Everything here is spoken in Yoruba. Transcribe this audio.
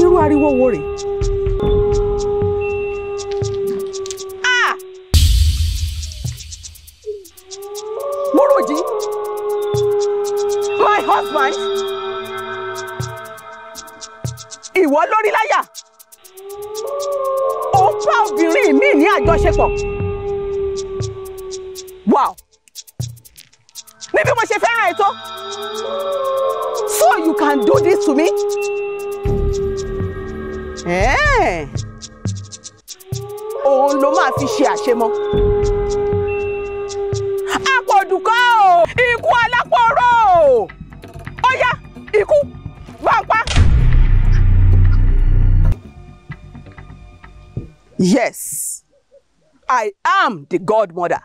irú ariwo wo rèé. Ah! Muruji, my husband, ìwọ lórí láyà, ó ń bá obìnrin mi ní àjọṣepọ̀. Wow! Ní bí mo ṣe fẹ́ràn ẹ̀ tó. So you can do this to me? Eh? Òun ló máa fi ṣe àṣemọ. Àpọ̀dùkọ́ o! Ikú alápòrò! Ó yá ikú gbàǹpá. Yes, I am the godmother.